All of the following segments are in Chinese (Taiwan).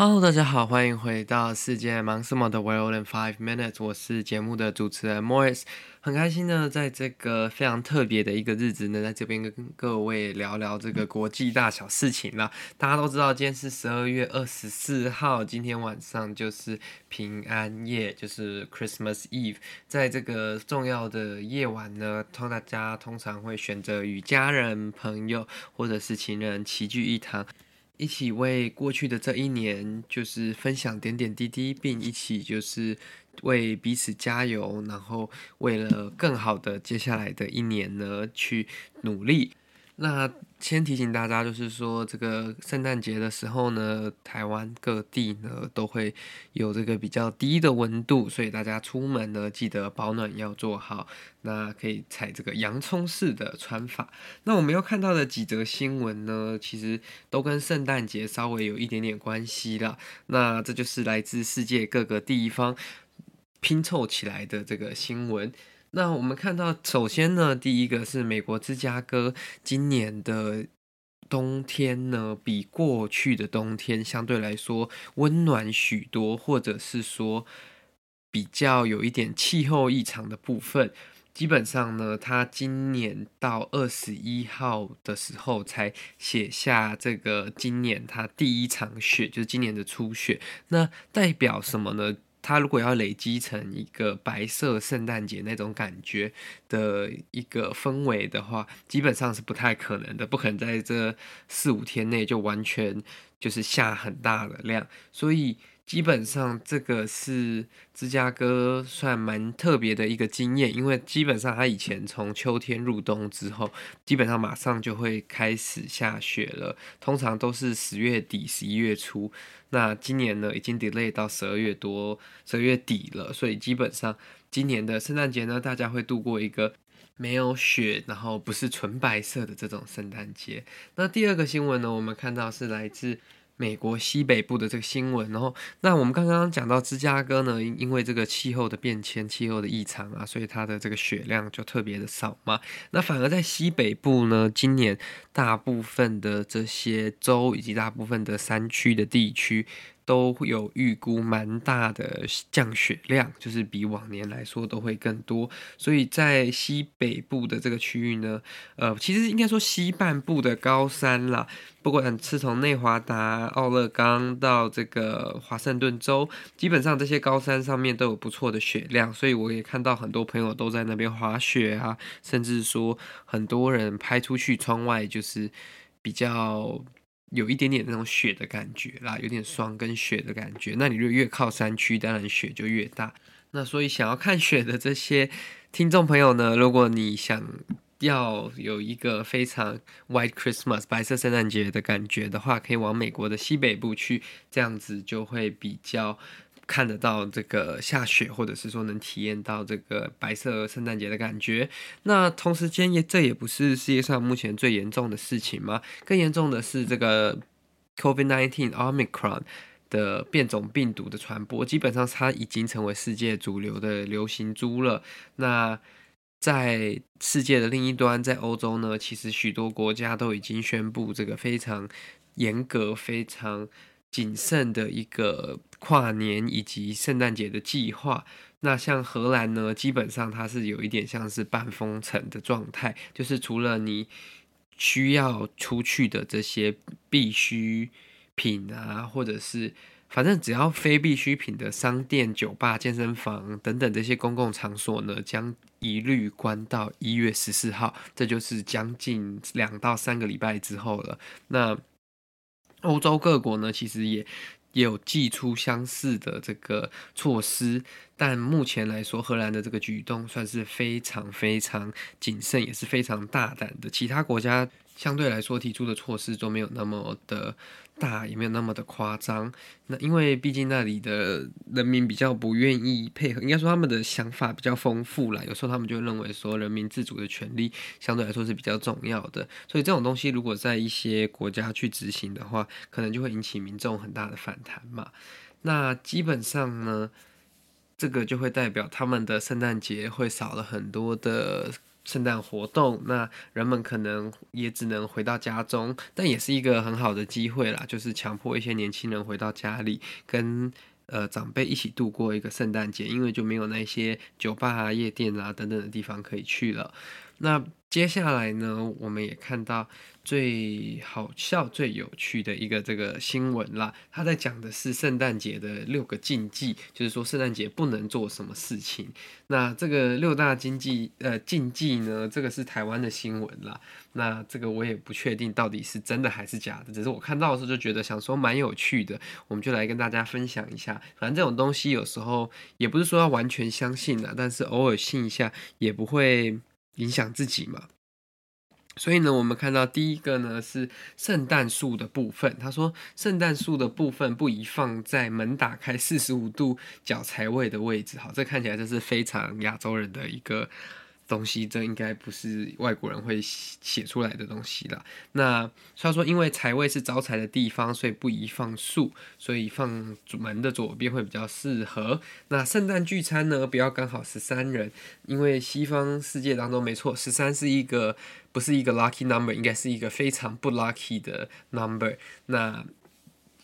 Hello，大家好，歡迎回到世界忙什麼的，World in 5 Minutes。我是節目的主持人 Morris，很開心呢，在這個非常特別的一個日子，能在這邊跟各位聊聊這個國際大小事情啦。嗯，大家都知道，今天是十二月二十四號，今天晚上就是平安夜，就是 Christmas Eve。在這個重要的夜晚呢，通常大家通常會選擇與家人、朋友或者是情人齊聚一堂。一起為過去的這一年，就是分享點點滴滴，並一起就是為彼此加油，然後為了更好的接下來的一年呢去努力。那先提醒大家，就是說這個聖誕節的時候呢，台灣各地呢都會有這個比較低的溫度，所以大家出門呢記得保暖要做好。那可以採這個洋蔥式的穿法。那我們要看到的幾則新聞呢，其實都跟聖誕節稍微有一點點關係啦。那這就是來自世界各個地方拼湊起來的這個新聞。那我們看到，首先呢，第一個是美國芝加哥今年的冬天呢，比過去的冬天相對來說溫暖許多，或者是說比較有一點氣候異常的部分。基本上呢，它今年到二十一號的時候才寫下這個今年它第一場雪，就是今年的初雪。那代表什麼呢？它如果要累積成一個白色聖誕節那種感覺的一個氛圍的話，基本上是不太可能的，不可能在這四五天內就完全就是下很大的量，所以。基本上這個是芝加哥算蠻特別的一個經驗，因為基本上它以前從秋天入冬之後，基本上馬上就會開始下雪了，通常都是十月底、十一月初。那今年呢，已經 delay 到十二月多、十二月底了，所以基本上今年的聖誕節呢，大家會度過一個沒有雪，然後不是純白色的這種聖誕節。那第二個新聞呢，我們看到是來自。美國西北部的這個新聞，然後那我們剛剛講到芝加哥呢，因為這個氣候的變遷、氣候的異常啊，所以它的這個雪量就特別的少嘛。那反而在西北部呢，今年大部分的這些州以及大部分的山區的地區。都會有預估蠻大的降雪量，就是比往年來說都會更多。所以在西北部的這個區域呢，呃，其實應該說西半部的高山啦，不管是從內華達、奧勒岡到這個華盛頓州，基本上這些高山上面都有不錯的雪量。所以我也看到很多朋友都在那邊滑雪啊，甚至說很多人拍出去窗外就是比較。有一點點那種雪的感覺啦，有點霜跟雪的感覺。那你就越靠山區，當然雪就越大。那所以想要看雪的這些聽眾朋友呢，如果你想要有一個非常 White Christmas 白色聖誕節的感覺的話，可以往美國的西北部去，這樣子就會比較。看得到這個下雪，或者是說能體驗到這個白色聖誕節的感覺。那同時間也，這也不是世界上目前最嚴重的事情嗎？更嚴重的是這個 COVID-19 Omicron 的變種病毒的傳播，基本上它已經成為世界主流的流行株了。那在世界的另一端，在歐洲呢，其實許多國家都已經宣布這個非常嚴格、非常。謹慎的一個跨年以及聖誕節的計劃。那像荷蘭呢，基本上它是有一點像是半封城的狀態，就是除了你需要出去的這些必需品啊，或者是反正只要非必需品的商店、酒吧、健身房等等這些公共場所呢，將一律關到一月十四號。這就是將近兩到三個禮拜之後了。那。歐洲各國呢，其實也也有祭出相似的這個措施。但目前來說，荷蘭的這個舉動算是非常非常謹慎，也是非常大膽的。其他國家相對來說提出的措施都沒有那麼的大，也沒有那麼的誇張。那因為畢竟那裡的人民比較不願意配合，應該說他們的想法比較豐富啦。有時候他們就認為說，人民自主的權利相對來說是比較重要的。所以這種東西如果在一些國家去執行的話，可能就會引起民眾很大的反彈嘛。那基本上呢，這個就會代表他們的聖誕節會少了很多的聖誕活動，那人們可能也只能回到家中，但也是一個很好的機會啦，就是強迫一些年輕人回到家裡跟呃長輩一起度過一個聖誕節，因為就沒有那些酒吧啊、夜店啊等等的地方可以去了。那接下來呢，我們也看到最好笑、最有趣的一個這個新聞啦。他在講的是聖誕節的六個禁忌，就是說聖誕節不能做什麼事情。那這個六大經濟呃，禁忌呢，這個是台灣的新聞啦。那這個我也不確定到底是真的還是假的，只是我看到的時候就覺得想說蠻有趣的，我們就來跟大家分享一下。反正這種東西有時候也不是說要完全相信啦，但是偶爾信一下也不會。影響自己嘛？所以呢，我們看到第一個呢是聖誕樹的部分。他說，聖誕樹的部分不宜放在門打開四十五度角財位的位置。好，這看起來就是非常亞洲人的一個。東西，這應該不是外國人會寫出來的東西了。那雖然說，因為財位是招財的地方，所以不宜放樹，所以放主門的左邊會比較適合。那聖誕聚餐呢，不要剛好十三人，因為西方世界當中沒錯，十三是一個不是一個 lucky number，應該是一個非常不 lucky 的 number。那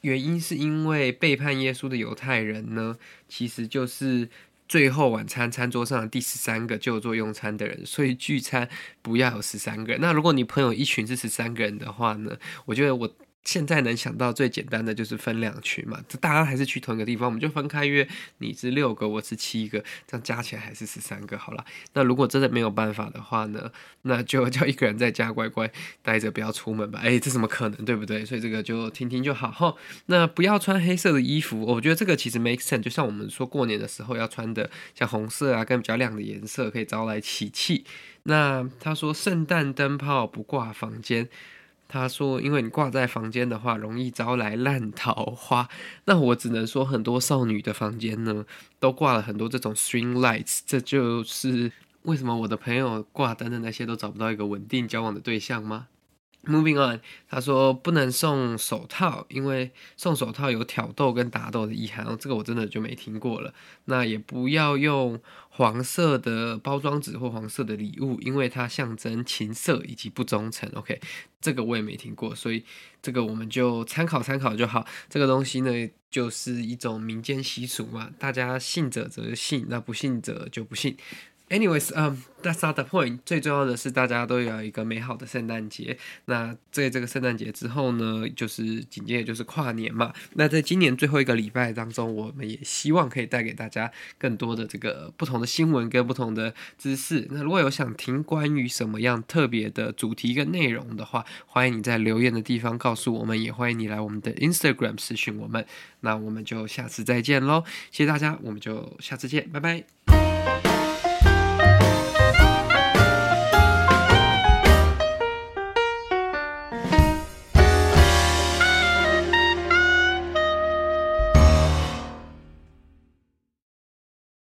原因是因為背叛耶穌的猶太人呢，其實就是。最後晚餐餐桌上的第十三個就座用餐的人，所以聚餐不要有十三個人。那如果你朋友一群是十三個人的話呢？我覺得我。現在能想到最簡單的就是分兩群嘛，大家還是去同一個地方，我們就分開約，你是六個，我是七個，這樣加起來還是十三個，好啦。那如果真的沒有辦法的話呢，那就叫一個人在家乖乖待着，不要出門吧。哎，這怎麼可能，對不對？所以這個就聽聽就好哈。哦。那不要穿黑色的衣服，我覺得這個其實 make sense，就像我們說過年的時候要穿的，像紅色啊，跟比較亮的顏色可以招來喜氣。那他說聖誕燈泡不掛房間。他說：“因為你掛在房間的話，容易招來爛桃花。”那我只能說，很多少女的房間呢，都掛了很多這種 string lights，這就是為什麼我的朋友掛燈的那些都找不到一個穩定交往的對象嗎？Moving on，他說不能送手套，因為送手套有挑逗跟打鬥的意涵。哦，這個我真的就沒聽過了。那也不要用黃色的包裝紙或黃色的禮物，因為它象徵情色以及不忠誠。OK，這個我也沒聽過，所以這個我們就參考參考就好。這個東西呢，就是一種民間習俗嘛，大家信者則信，那不信者就不信。Anyways，嗯，um，That's not the point。最重要的是大家都有一個美好的聖誕節。那在這個聖誕節之後呢，就是緊接着就是跨年嘛。那在今年最後一個禮拜當中，我們也希望可以帶給大家更多的這個不同的新聞跟不同的知識。那如果有想聽關於什麼樣特別的主題跟內容的話，歡迎你在留言的地方告訴我們，也歡迎你來我們的 Instagram 私訊我們。那我們就下次再見嘍，謝謝大家，我們就下次見，拜拜。